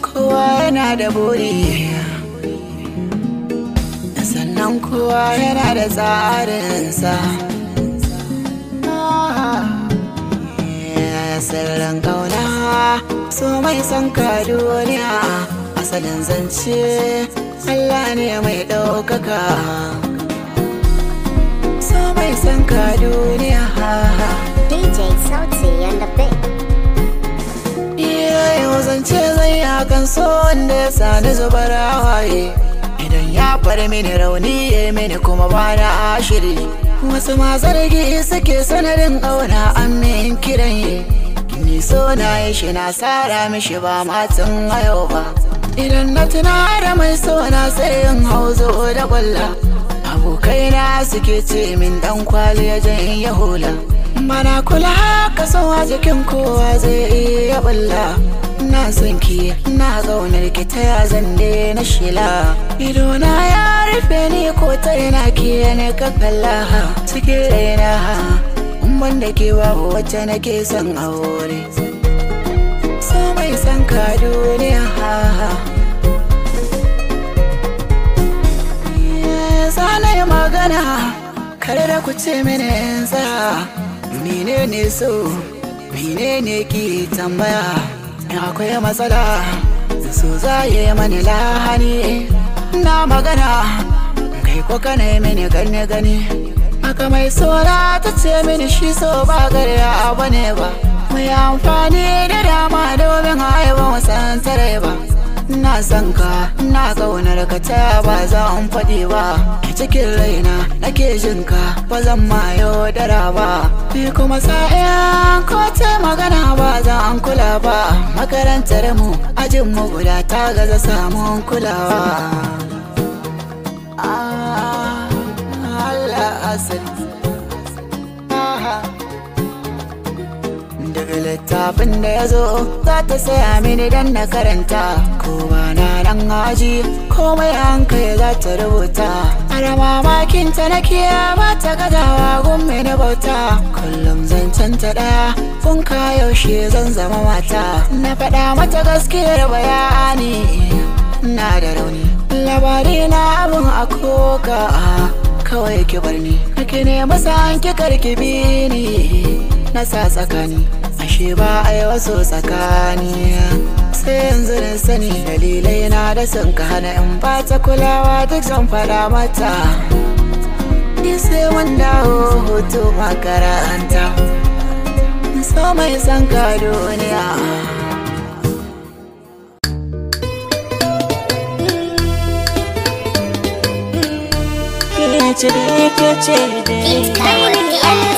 kowa yana da buri sannan kowa yana da tsarinsa ah, sirrin kauna so mai son ka duniya asalin zance Allah ne mai ɗaukaka so mai son ka duniya DJ Sauti and the Big zance zan yi hakan so wanda ya sani zubar hawaye idan ya fara mini rauni ya mini kuma ba na ashiri wasu ma zargi suke sanarin ƙauna an min kiran yi ni so na yi shi na sara mishi ba matan ayo ba idan na tuna da mai so na sai yin hauzo da kwalla na suke ce min dan kwali kwaliya in ya hula mana kula haka sawa jikin kowa zai iya balla na son ki na zaunar ki ta ya zan na shila ido na ya rufe ni ko ta ina ki ne ka kalla cikin raina ban da ke wa wacce nake son aure so mai san ka duniya sanai magana kare da ku ce mini yanzu menene so menene ki tambaya in akwai matsala su zaye mani lahani na magana kai ko kana mini gane gane aka mai sora ta ce mini shi so ba garya a ne ba muyi amfani da dama domin haiba wasan tare ba ina son ka ina kaunar ka ta ba za in faɗi ba a cikin raina nake jin ka ba zan ma yaudara ba bi kuma sa'a ko ta magana ba za an kula ba makarantar mu ajin mu guda ta gaza samun kulawa littafin da ya zo za ta saya mini dan na karanta ko ba na nan haji komai hankali za ta rubuta ana mamakin ta na ba ta gazawa gumme na bauta kullum zancen ta daya kun ka yaushe zan zama mata na faɗa mata gaskiyar bayani na da rauni labari na abin a koka kawai ki bar ni kake ne masa an ki karki ni na sa tsakani shi ba a yi wasu tsakani sai yanzu da sani dalilai na da sun ka hana in ba ta kulawa duk zan fada mata ni sai wanda hoto makaranta so mai san ka duniya It's kind of the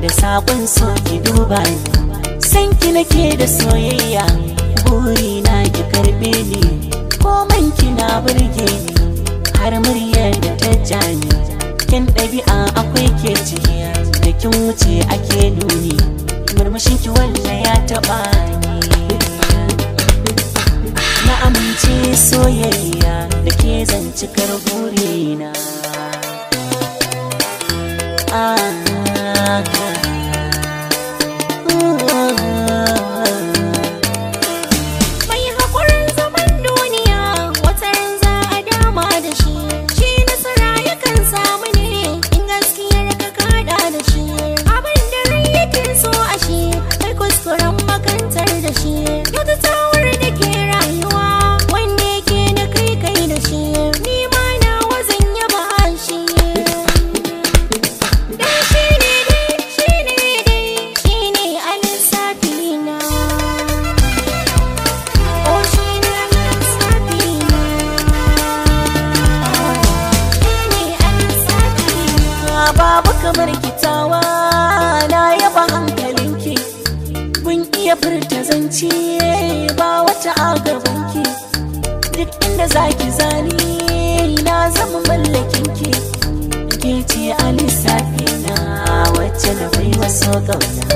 da sakon so ki duba ni san ki nake da soyayya buri na ki karbe ni Ko man ki na burge ni har muryar da ta jani kin ɗabi'a akwai ke ci da kin wuce ake nuni murmushin ki wanda ya taɓa ni na amince soyayya da ke zancikar burina ah. kamar kitawa na yaba hankalinki mun iya furta zanci ba wata a gabanki duk inda zaki zani na zama mallakinki ke ce a lissafi na wacce na bai wasu gauna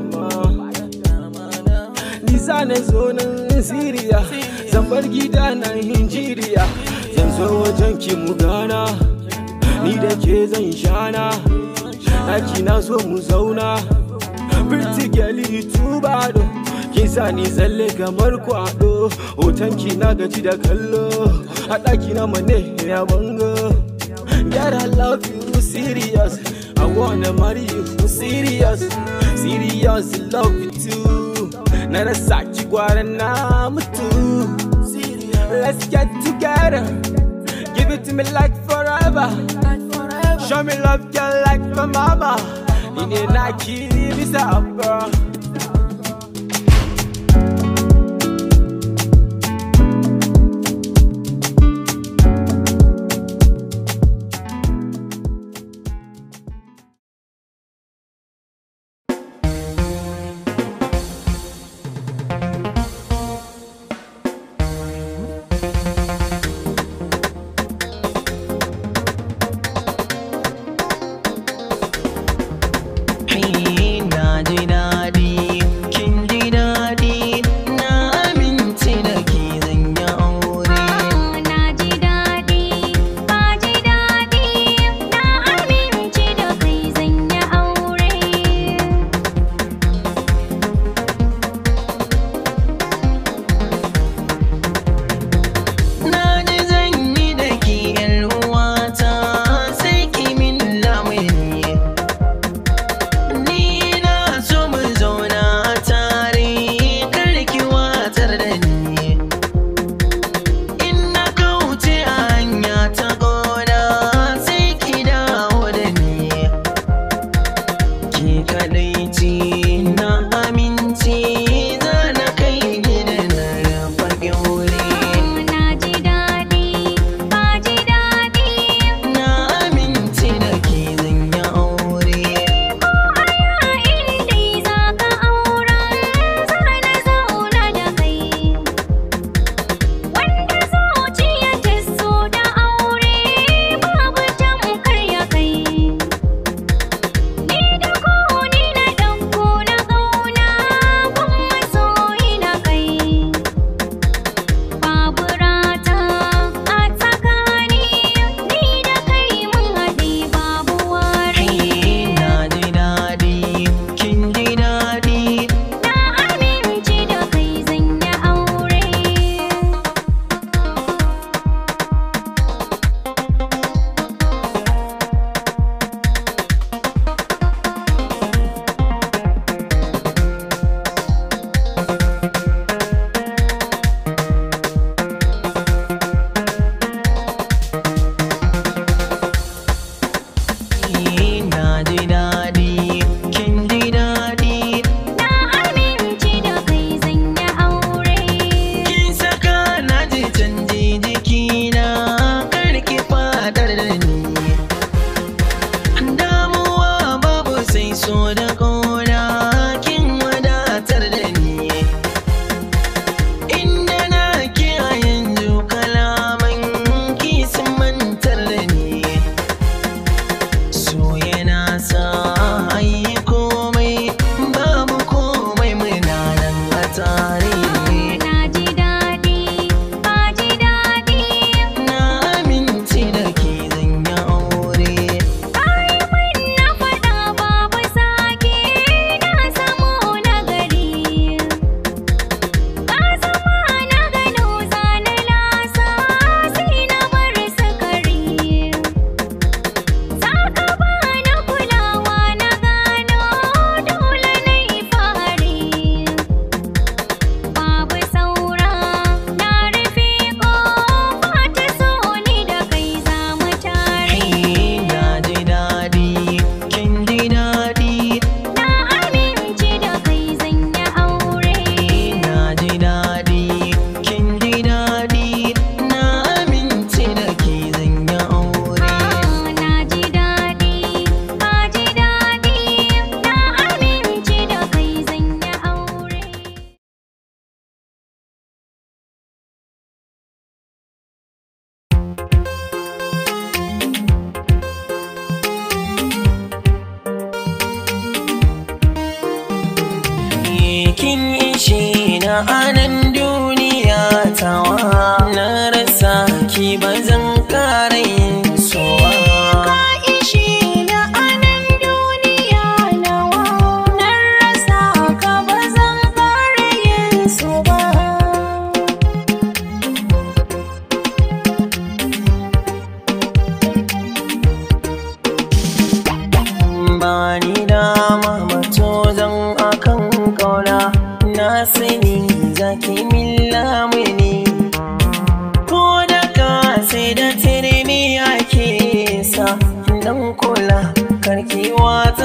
isa na zo nan siriya zan bar gida na hinjiriya zan zo wajen ki mu gana ni da ke zan shana ɗaki na so mu zauna pretty girl tuba do kin sa ni zalle kamar kwado hoton ki na gaji da kallo a ɗaki na mane ya bango girl I love you serious I wanna marry you serious serious love you na rasa ki let's get together give it to me like forever show me love girl like my mama ine keep ki bisa abba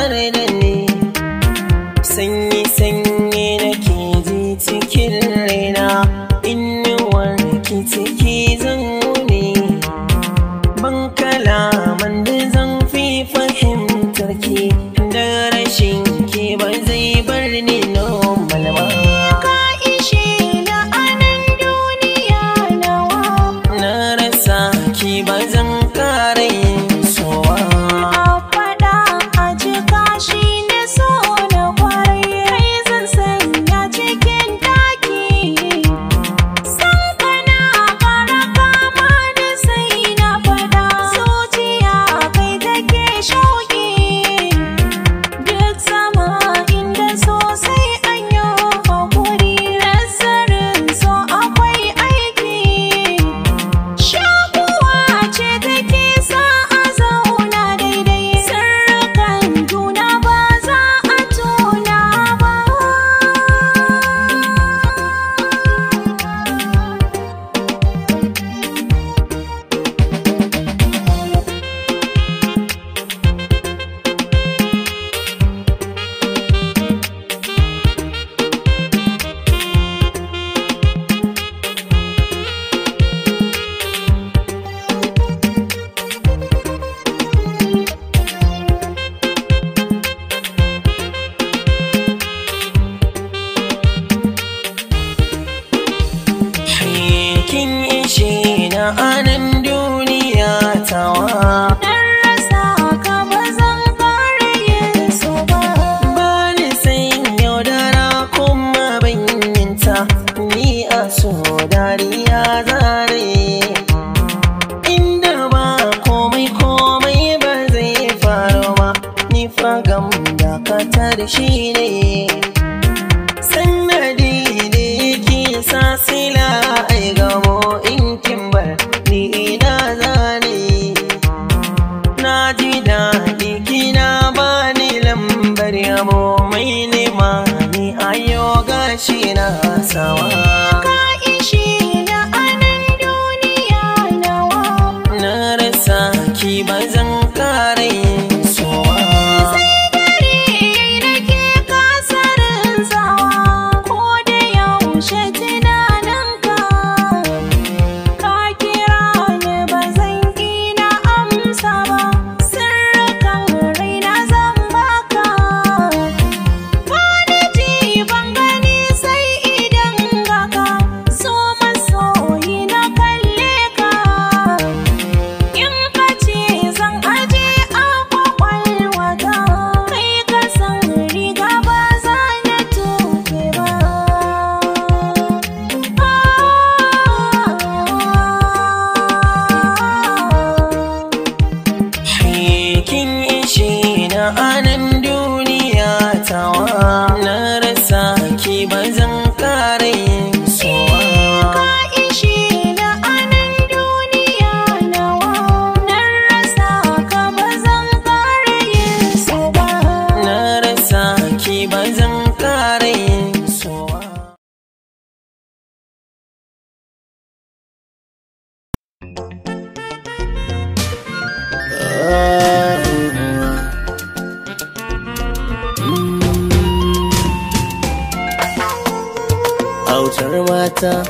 tare da sanyi sanyi so dariya zare inda ba komai komai ba zai faru ba ni gam da katar shi ne mata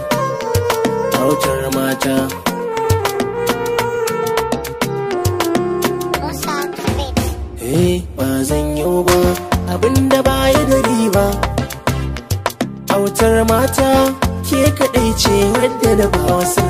farautar mata Eh ba zan yi ba abinda ya da ba. autar mata ke kaɗai ce wadda da ba wasa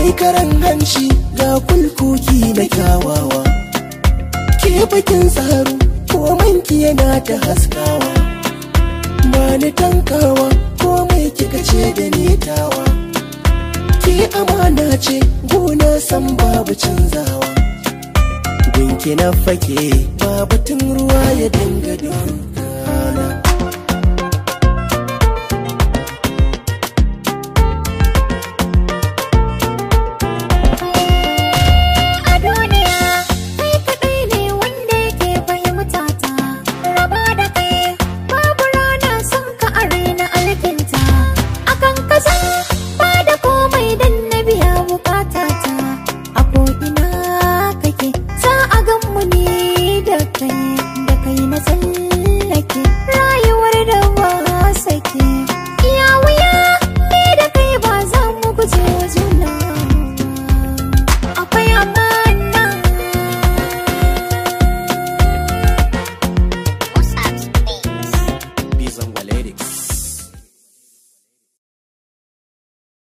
Kai karan hanci ga kulkuki da kyawawa ke bakin tsaro ko manki yana ta haskawa ba ni tankawa komai kika ce da nitawa. ke amana ce gona san babu canzawa gunki na fake babu tun ruwa ya dinga duka